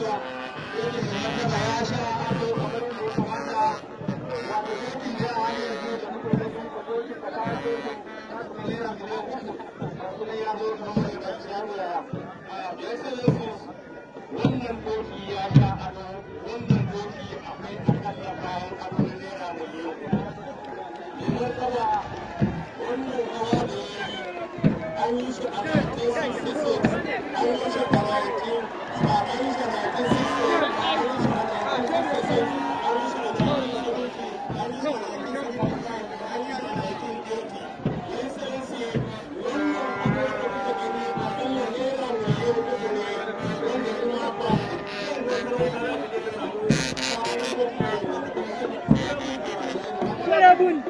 da yake ya sha ado kamar ya kamata wato yankin da muke da da na Bun.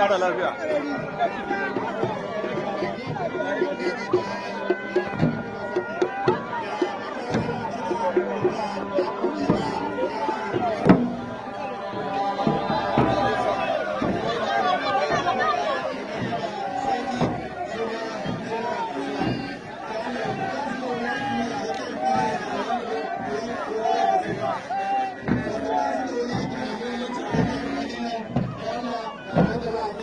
ƙara lafiya